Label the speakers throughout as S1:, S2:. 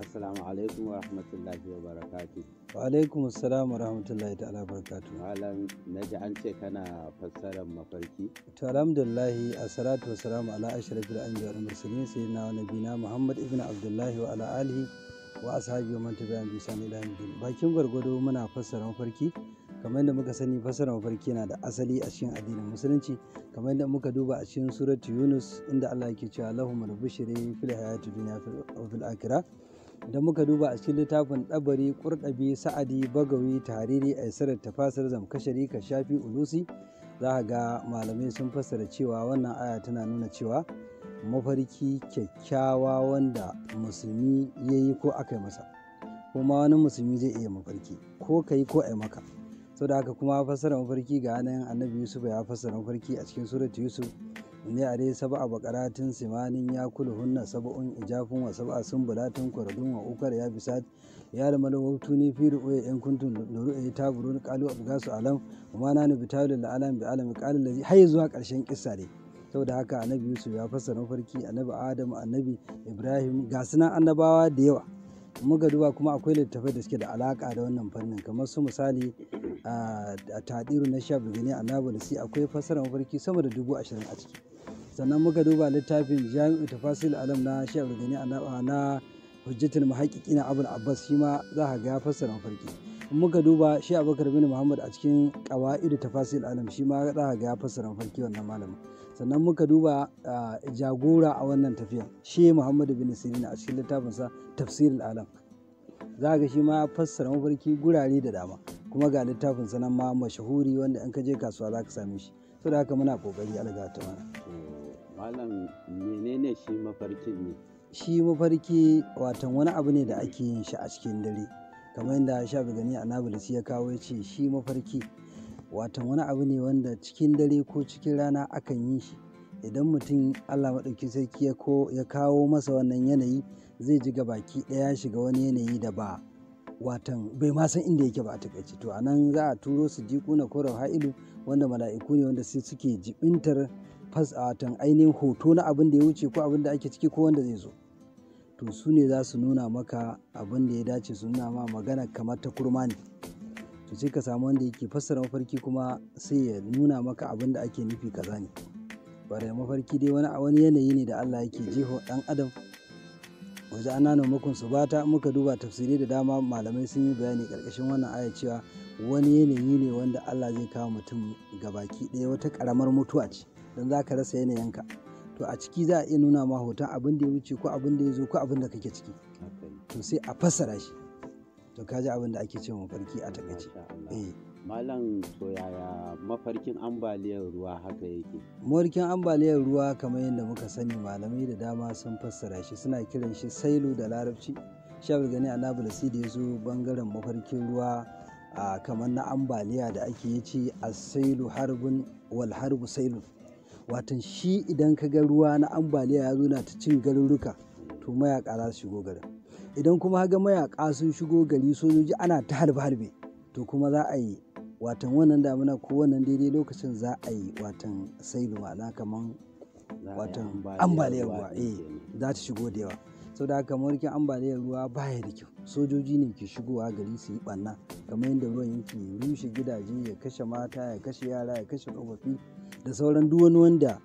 S1: Assalamu alaikum wa rahmatullahi wa barakatu. Wa alaikum assalam wa rahmatullahi ta'ala barakatu. Malam na ji an ce kana fassarar mafarki. To alhamdulillahi assalatu wassalamu ala ashrafil anbiya wal mursalin sayyidina wa nabiyina Muhammad ibn Abdullahi wa ala alihi wa ashabihi wa man tabi'ahum bi ihsan ila yawmiddin. Bakin gwargwado muna fassara mafarki kamar yadda muka sani fassara mafarki yana da asali a cikin addinin musulunci kamar yadda muka duba a cikin suratu Yunus inda Allah yake cewa lahumul bushri fil hayati dunya wa fil akhirah da muka duba a cikin littafin ɗabari ƙurɗabi sa'adi bagawi tariri a isarar tafasar zamkashari ka shafi ulusi za a ga malamai sun fassara cewa wannan aya tana nuna cewa mafarki kyakkyawa wanda musulmi ya yi ko aka yi masa kuma wani musulmi zai iya mafarki ko ka yi ko a yi maka sau da haka kuma fassara mafarki ga nan annabi yusuf ya fassara mafarki a cikin surat yusuf ne a dai saba bakaratin simanin ya kula hunna saba'un ijafin wa saba'a sumbulatin kwaradun wa ukar ya bisa ya da malawar ni firu oye yan kuntun a yi ta burun kalu abu gasu alam kuma na nufi tawo da alam bi alam kalu lazi har zuwa karshen kissa dai saboda haka annabi yusuf ya fassara mafarki annabi adam annabi ibrahim ga suna annabawa da yawa muka duba kuma akwai littattafai da suke da alaka da wannan fannin kamar su misali ah, a tadiru na sha gani a nabalisi akwai fassara mafarki sama da dubu ashirin a ciki sannan muka duba littafin jami'u tafasil alam na shek rugani na hujjatul muhaqqiqi na abul abbas shi ma za ka ga ya fassara mafarki muka duba shi abubakar bin muhammad a cikin qawaidu tafasil alam shi ma za ka ga ya fassara mafarki wannan malamin sannan muka duba jagora a wannan tafiyar shi muhammad bin sirina a cikin littafinsa tafsirul alam za ga shi ma fassara mafarki gurare da dama kuma ga littafin sanan ma mashahuri wanda in ka je kasuwa za ka same shi saboda haka muna kokari alga ta mana Malam menene shi mafarkin ne? Shi mafarki watan wani abu ne da ake yin shi a cikin dare. Kamar yadda Shafi Gani Anabulus ya kawo ya ce shi mafarki watan wani abu ne wanda cikin dare ko cikin rana akan yi shi. Idan mutum Allah maɗauki sarki ya kawo masa wannan yanayi zai ji ga baki ɗaya shiga wani yanayi da ba watan bai ma san inda yake ba a takaice to anan za a turo su jiku na korar ha'ilu wanda mala'iku ne wanda sai suke jibintar watan ainihin hoto na abin da ya wuce ko abin da ake ciki ko wanda zai zo to su ne za su nuna maka abin da ya dace su nuna ma magana kamar ta kurma ne to sai ka samu wanda yake fassara mafarki kuma sai ya nuna maka abin da ake nufi kaza ne bare mafarki dai wani wani yanayi ne da Allah yake jiho, dan adam waje ana nuna makon su bata muka duba tafsirai da dama malamai sun yi bayani karkashin wannan aya cewa wani yanayi ne wanda Allah zai kawo mutum ga baki ɗaya wata karamar mutuwa ce dan za ka rasa yanayinka to a ciki za a iya nuna ma hoton abin da ya wuce ko abin da ya zo ko abin da kake ciki to sai a fassara shi to ka ji abin da ake cewa mafarki a takaice eh malam to yaya mafarkin ambaliyar ruwa haka yake mafarkin ambaliyar ruwa kamar yadda muka sani malamai da dama sun fassara shi suna kiran shi sailu da larabci shabar gani annabi da ya zo bangaren mafarkin ruwa kamar na ambaliya da ake yi ce a sailu harbin wal harbu sailu Watan shi idan ka ga ruwa na ambaliya ya zo na ta cin garuruka to mayaƙa za su shigo garin. Idan kuma ka ga mayaƙa sun shigo gari sojoji ana ta harbe harbe to kuma za a yi watan wannan damina ko wannan daidai lokacin za a yi watan sailu ma'ana kaman watan ambaliyar ruwa eh za ta shigo da yawa. Sau da haka mawarkin ambaliyar ruwa baya da kyau. Sojoji ne ke shigowa gari su yi ɓanna. kamar yadda ruwan yake rushe gidaje ya kashe mata, ya kashe yara, ya kashe tsofaffi. da sauran duk wani wanda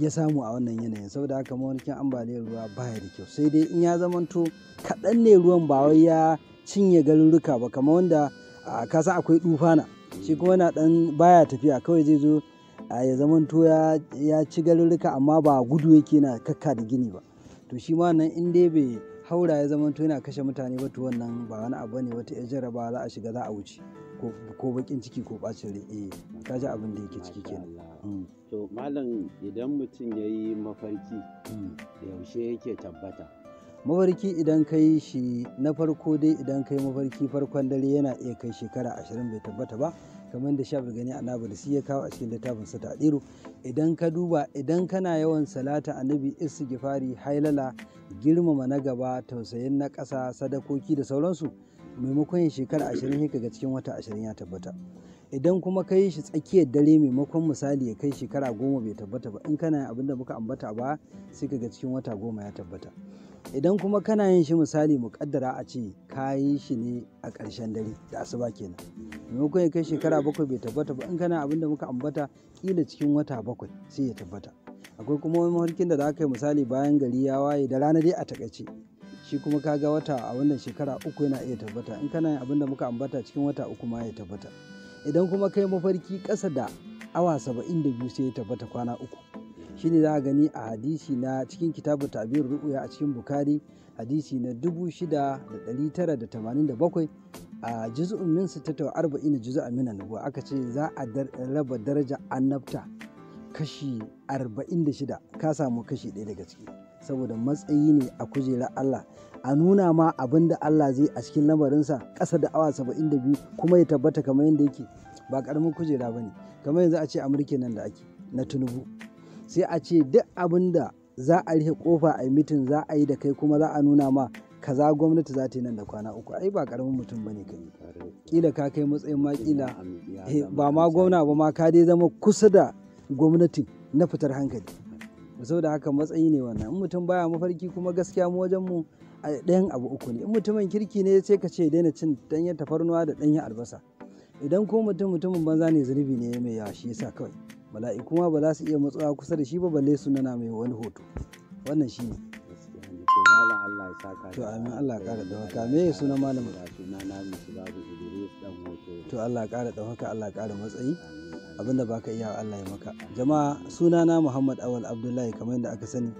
S1: ya samu a wannan yanayin saboda haka mawarkin ambaliyar ruwa baya da kyau sai dai in ya zamanto kaɗan ne ruwan ba wai ya cinye garuruka ba kamar wanda ka san akwai dufana shi kuma na ɗan baya tafiya kawai zai zo ya zamanto ya ci garuruka amma ba gudu yake na kakka da gini ba to shi ma nan in dai bai haura ya zama yana kashe mutane ba to wannan ba wani abu ne wata yar jaraba za a shiga za a wuce ko bakin ciki ko bacin rai eh abin da yake ciki kenan mm. to malam idan mutum ya yi mafarki mm. yaushe yake tabbata mafarki idan ka yi shi na farko dai idan ka yi mafarki farkon dare yana iya kai shekara ashirin bai tabbata ba kamar da shafin gani a nabal shi ya kawo a cikin littafin sa ta'diru idan ka duba idan kana yawan salata annabi gifari hailala girmama na gaba tausayin na ƙasa sadakoki da sauransu maimakon shekara ashirin hika ga cikin wata ashirin ya tabbata idan kuma ka yi shi tsakiyar dare maimakon misali ya kai shekara goma bai tabbata ba in kana yin abin da muka ambata ba sai ka ga cikin wata goma ya tabbata idan kuma kana yin shi misali kaddara a ce ka yi shi ne a ƙarshen dare da asuba kenan maimakon ya kai shekara bakwai bai tabbata ba in kana abin da muka ambata ƙila cikin wata bakwai sai ya tabbata akwai kuma wani mafarkin da za ka yi misali bayan gari ya waye da rana dai a takaice shi kuma ka ga wata a wannan shekara uku yana iya tabbata in kana yin abin da muka ambata cikin wata uku ma ya tabbata idan kuma kai mafarki ƙasa da awa saba'in da biyu sai ya tabbata kwana uku shi ne za a gani a hadisi na cikin kitabu tabir ru'uya a cikin bukari hadisi na 6987 a juzu'un min sittata arba'in juz'an min nubuwa aka ce za a raba daraja annabta kashi 46 ka samu kashi ɗaya daga ciki saboda matsayi ne a kujerar Allah a nuna ma abin da Allah zai a cikin lamarinsa ƙasa da awa saba'in da biyu kuma ya tabbata kamar yadda yake ba ƙaramin kujera ba ne kamar yanzu a ce amurki nan da ake na tunubu sai a ce duk abin da za a rufe kofa a mitin za a yi da kai kuma za a nuna ma kaza gwamnati za ta yi nan da kwana uku ai ba ƙaramin mutum ba ne kai kila ka kai matsayin ma kila eh, ba ma gwamna ba ma ka dai zama kusa da gwamnatin na fitar hankali saboda haka matsayi ne wannan in mutum baya mafarki kuma gaskiya mu wajen mu ɗayan abu uku ne in mutumin kirki ne sai ka ce daina cin danyen tafarnuwa da ɗanyen albasa idan ko mutum mutumin banza ne zunubi ne mai yawa shi yasa kawai mala'iku ma ba za su iya matsawa kusa da shi ba balle su nana mai wani hoto wannan shi ne to amin Allah ya kara dawaka me ya suna malam to Allah ya kara dawaka Allah ya kara matsayi abinda baka iya Allah ya maka jama'a sunana Muhammad Awal Abdullahi kamar yadda aka sani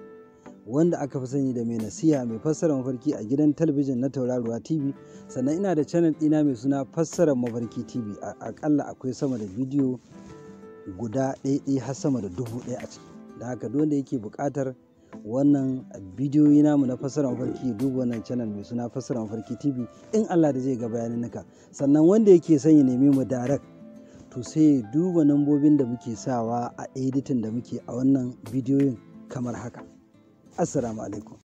S1: wanda aka fi sani da mai nasiha mai fassara mafarki a gidan talabijin na tauraruwa tv sannan ina da channel ɗina mai suna fassara mafarki tv akalla akwai sama da bidiyo guda ɗaya har sama da dubu ɗaya a ciki da haka duk wanda yake buƙatar wannan bidiyoyi namu na fassara mafarki duba wannan channel mai suna fassara mafarki tv in allah da zai ga bayaninka sannan wanda yake son ya nemi mu direct to sai ya duba nambobin da muke sawa a editin da muke a wannan bidiyoyin kamar haka السلام عليكم